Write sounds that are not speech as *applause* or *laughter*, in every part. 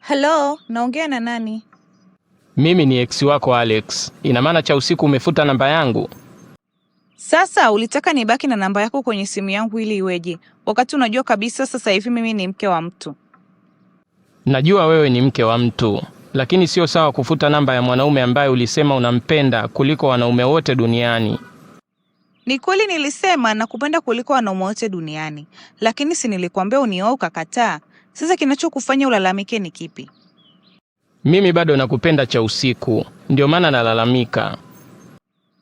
Halo, naongea na nani? Mimi ni ex wako Alex. Ina maana cha usiku umefuta namba yangu? Sasa ulitaka nibaki na namba yako kwenye simu yangu ili iweje, wakati unajua kabisa sasa hivi mimi ni mke wa mtu? Najua wewe ni mke wa mtu, lakini sio sawa kufuta namba ya mwanaume ambaye ulisema unampenda kuliko wanaume wote duniani. Ni kweli nilisema nakupenda kuliko wanaume wote duniani, lakini si nilikwambia unioa ukakataa? Sasa kinachokufanya ulalamike ni kipi? Mimi bado nakupenda cha usiku, ndio maana nalalamika.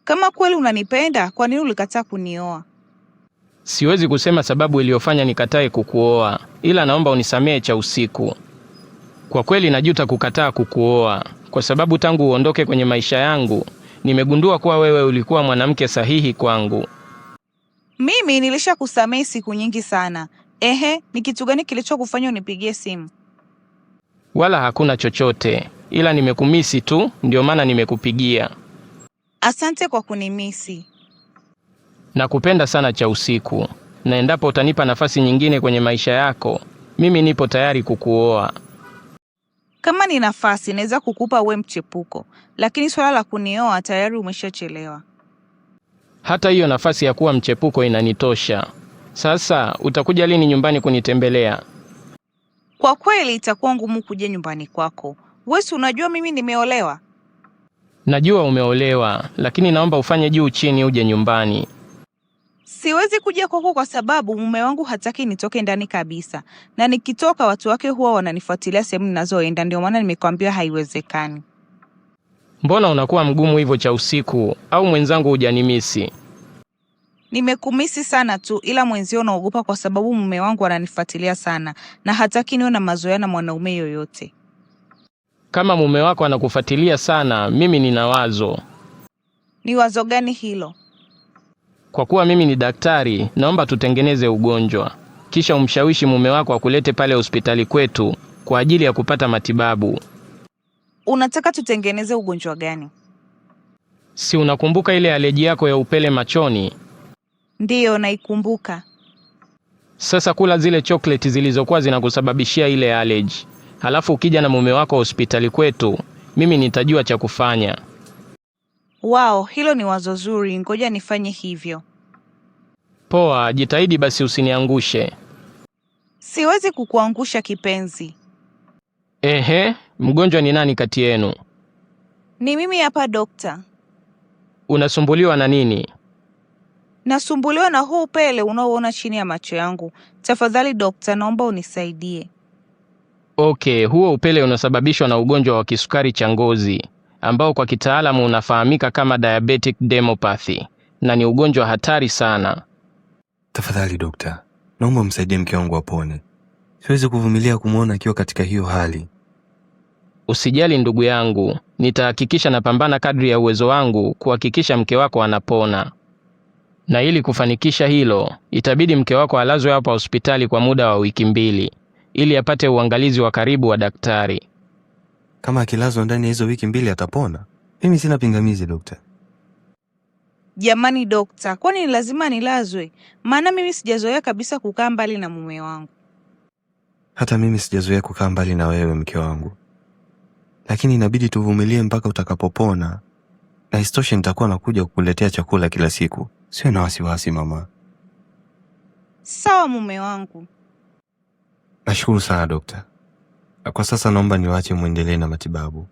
Kama kweli unanipenda, kwa nini ulikataa kunioa? Siwezi kusema sababu iliyofanya nikatae kukuoa, ila naomba unisamehe cha usiku. Kwa kweli najuta kukataa kukuoa, kwa sababu tangu uondoke kwenye maisha yangu nimegundua kuwa wewe ulikuwa mwanamke sahihi kwangu. Mimi nilishakusamehe siku nyingi sana. Ehe, ni kitu gani kilichokufanya unipigie simu? Wala hakuna chochote, ila nimekumisi tu, ndio maana nimekupigia. Asante kwa kunimisi. Nakupenda sana cha usiku, na endapo utanipa nafasi nyingine kwenye maisha yako, mimi nipo tayari kukuoa. Kama ni nafasi naweza kukupa uwe mchepuko, lakini swala la kunioa tayari umeshachelewa. Hata hiyo nafasi ya kuwa mchepuko inanitosha. Sasa utakuja lini nyumbani kunitembelea? Kwa kweli itakuwa ngumu kuja nyumbani kwako. Wewe unajua mimi nimeolewa. Najua umeolewa, lakini naomba ufanye juu chini uje nyumbani siwezi kuja kwako kwa sababu mume wangu hataki nitoke ndani kabisa, na nikitoka watu wake huwa wananifuatilia sehemu ninazoenda. Ndio maana nimekwambia haiwezekani. Mbona unakuwa mgumu hivyo cha usiku? Au mwenzangu hujanimisi? Nimekumisi sana tu, ila mwenzio naogopa kwa sababu mume wangu ananifuatilia sana na hataki niwe na mazoea na mwanaume yoyote. Kama mume wako anakufuatilia sana, mimi nina wazo. Ni wazo gani hilo? Kwa kuwa mimi ni daktari, naomba tutengeneze ugonjwa, kisha umshawishi mume wako akulete pale hospitali kwetu kwa ajili ya kupata matibabu. Unataka tutengeneze ugonjwa gani? Si unakumbuka ile aleji yako ya upele machoni? Ndiyo, naikumbuka. Sasa kula zile chokleti zilizokuwa zinakusababishia ile aleji, halafu ukija na mume wako hospitali kwetu, mimi nitajua cha kufanya. Wao, hilo ni wazo zuri, ngoja nifanye hivyo. Poa, jitahidi basi usiniangushe. Siwezi kukuangusha kipenzi. Ehe, mgonjwa ni nani kati yenu? Ni mimi hapa dokta. Unasumbuliwa na nini? Nasumbuliwa na huu upele unaoona chini ya macho yangu. Tafadhali dokta, naomba unisaidie. Okay, huo upele unasababishwa na ugonjwa wa kisukari cha ngozi ambao kwa kitaalamu unafahamika kama diabetic demopathy na ni ugonjwa hatari sana. Tafadhali dokta, naomba msaidie mke wangu apone, siwezi kuvumilia kumwona akiwa katika hiyo hali. Usijali ndugu yangu, nitahakikisha napambana kadri ya uwezo wangu kuhakikisha mke wako anapona, na ili kufanikisha hilo, itabidi mke wako alazwe hapa hospitali kwa muda wa wiki mbili ili apate uangalizi wa karibu wa daktari. Kama akilazwa ndani ya hizo wiki mbili atapona. Mimi sina pingamizi dokta. Jamani dokta, kwani ni lazima nilazwe? Maana mimi sijazoea kabisa kukaa mbali na mume wangu. Hata mimi sijazoea kukaa mbali na wewe mke wangu, lakini inabidi tuvumilie mpaka utakapopona, na isitoshe nitakuwa nakuja kukuletea chakula kila siku. Sio na wasiwasi mama. Sawa mume wangu. Nashukuru sana dokta. Kwa sasa naomba niwaache mwendelee na matibabu.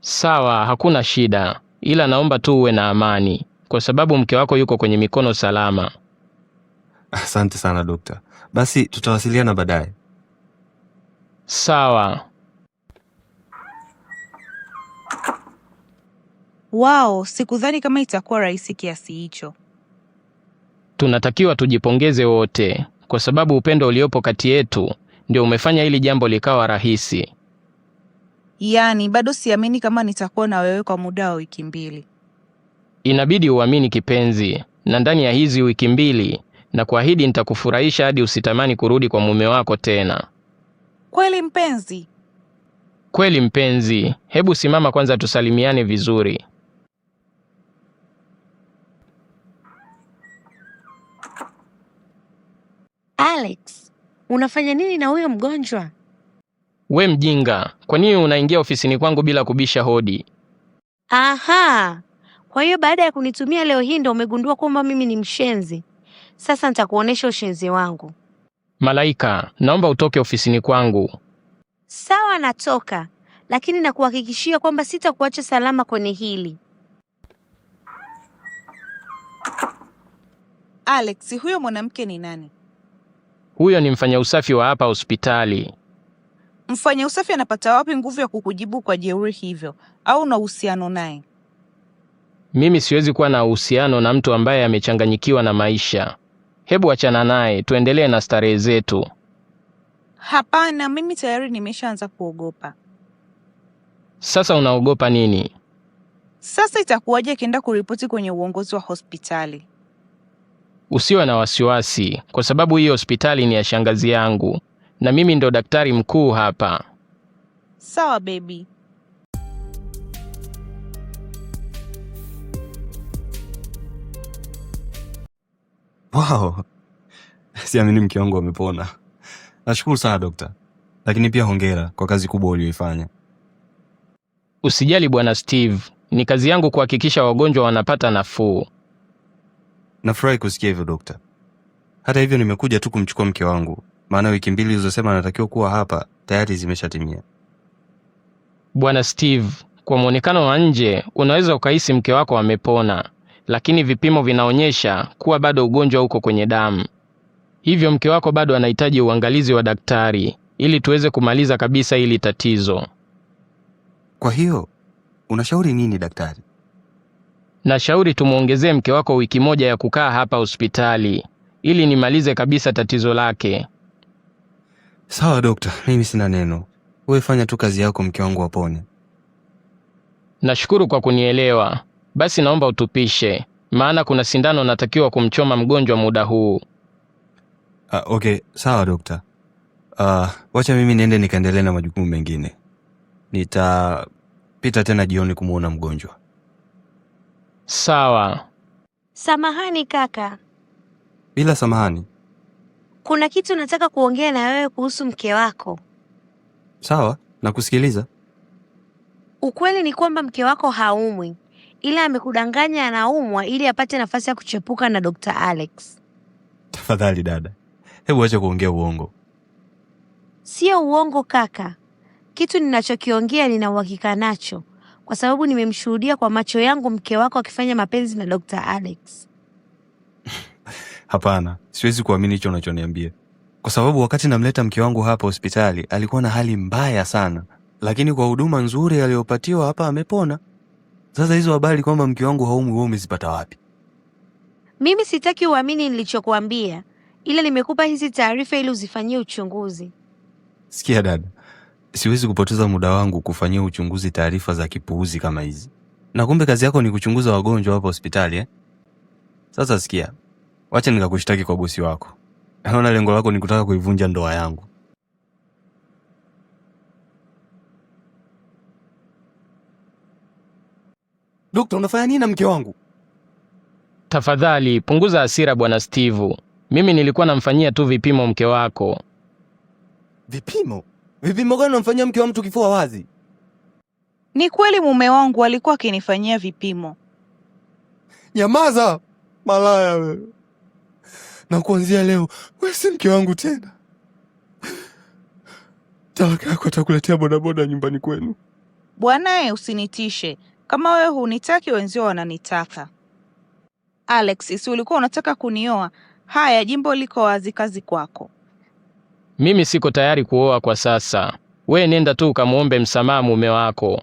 Sawa, hakuna shida, ila naomba tu uwe na amani, kwa sababu mke wako yuko kwenye mikono salama. Asante sana dokta, basi tutawasiliana baadaye. Sawa. Wao, sikudhani kama itakuwa rahisi kiasi hicho. Tunatakiwa tujipongeze wote kwa sababu upendo uliopo kati yetu ndio umefanya hili jambo likawa rahisi. Yaani bado siamini kama nitakuwa na wewe kwa muda wa wiki mbili. Inabidi uamini kipenzi, na ndani ya hizi wiki mbili na kuahidi nitakufurahisha hadi usitamani kurudi kwa mume wako tena. Kweli mpenzi? Kweli mpenzi. Hebu simama kwanza tusalimiane vizuri. Alex unafanya nini na huyo mgonjwa? We mjinga, kwa nini unaingia ofisini kwangu bila kubisha hodi? Aha, kwa hiyo baada ya kunitumia leo hii ndo umegundua kwamba mimi ni mshenzi? Sasa nitakuonesha ushenzi wangu. Malaika, naomba utoke ofisini kwangu. Sawa, natoka, lakini nakuhakikishia kwamba sitakuacha salama kwenye hili. Alex, huyo mwanamke ni nani? Huyo ni mfanya usafi wa hapa hospitali. Mfanya usafi anapata wapi nguvu ya kukujibu kwa jeuri hivyo? Au una uhusiano naye? Mimi siwezi kuwa na uhusiano na mtu ambaye amechanganyikiwa na maisha. Hebu achana naye, tuendelee na starehe zetu. Hapana, mimi tayari nimeshaanza kuogopa. Sasa unaogopa nini? Sasa itakuwaje akienda kuripoti kwenye uongozi wa hospitali? Usiwe na wasiwasi, kwa sababu hii hospitali ni ya shangazi yangu na mimi ndo daktari mkuu hapa. Sawa baby. Wow, siamini mke wangu amepona. Nashukuru sana dokta, lakini pia hongera kwa kazi kubwa uliyoifanya. Usijali bwana Steve, ni kazi yangu kuhakikisha wagonjwa wanapata nafuu. Nafurahi kusikia hivyo dokta. Hata hivyo nimekuja tu kumchukua mke wangu, maana wiki mbili ulizosema anatakiwa kuwa hapa tayari zimeshatimia. Bwana Steve, kwa mwonekano wa nje unaweza ukahisi mke wako amepona, lakini vipimo vinaonyesha kuwa bado ugonjwa uko kwenye damu, hivyo mke wako bado anahitaji uangalizi wa daktari ili tuweze kumaliza kabisa hili tatizo. Kwa hiyo unashauri nini daktari? Nashauri tumwongezee mke wako wiki moja ya kukaa hapa hospitali ili nimalize kabisa tatizo lake. Sawa dokta, mimi sina neno, wewe fanya tu kazi yako, mke wangu apone. Nashukuru kwa kunielewa. Basi naomba utupishe, maana kuna sindano natakiwa kumchoma mgonjwa muda huu. Ah, okay sawa dokta. Ah, wacha mimi niende nikaendelee na majukumu mengine, nitapita tena jioni kumwona mgonjwa. Sawa. Samahani kaka. Bila samahani. Kuna kitu nataka kuongea na wewe kuhusu mke wako. Sawa, nakusikiliza. Ukweli ni kwamba mke wako haumwi, ila amekudanganya anaumwa ili apate nafasi ya kuchepuka na Dr. Alex. Tafadhali dada, hebu acha kuongea uongo. Sio uongo kaka, kitu ninachokiongea nina uhakika nacho kwa sababu nimemshuhudia kwa macho yangu mke wako akifanya mapenzi na Dr. Alex. *laughs* Hapana, siwezi kuamini hicho unachoniambia, kwa sababu wakati namleta mke wangu hapa hospitali alikuwa na hali mbaya sana, lakini kwa huduma nzuri aliyopatiwa hapa amepona. Sasa hizo habari kwamba mke wangu haumwi, wewe umezipata wapi? Mimi sitaki uamini nilichokuambia, ila nimekupa hizi taarifa ili uzifanyie uchunguzi. Sikia dada, Siwezi kupoteza muda wangu kufanyia uchunguzi taarifa za kipuuzi kama hizi. Na kumbe kazi yako ni kuchunguza wagonjwa hapa hospitali eh? Sasa sikia, wacha nikakushtaki kwa bosi wako. Naona lengo lako ni kutaka kuivunja ndoa yangu. Dokta, unafanya nini na mke wangu? Tafadhali punguza hasira bwana Steve. Mimi nilikuwa namfanyia tu vipimo mke wako. Vipimo? Vipimo gani unamfanyia mke wa mtu kifua wazi? Ni kweli mume wangu alikuwa akinifanyia vipimo. Nyamaza malaya wewe! Na kuanzia leo wewe si mke wangu tena. Talaka yako atakuletea bodaboda nyumbani kwenu. Bwanaye, usinitishe. Kama wewe hunitaki, wenzio wananitaka. Alex, si ulikuwa unataka kunioa? Haya, jimbo liko wazi, kazi kwako mimi siko tayari kuoa kwa sasa, we nenda tu ukamwombe msamaha mume wako.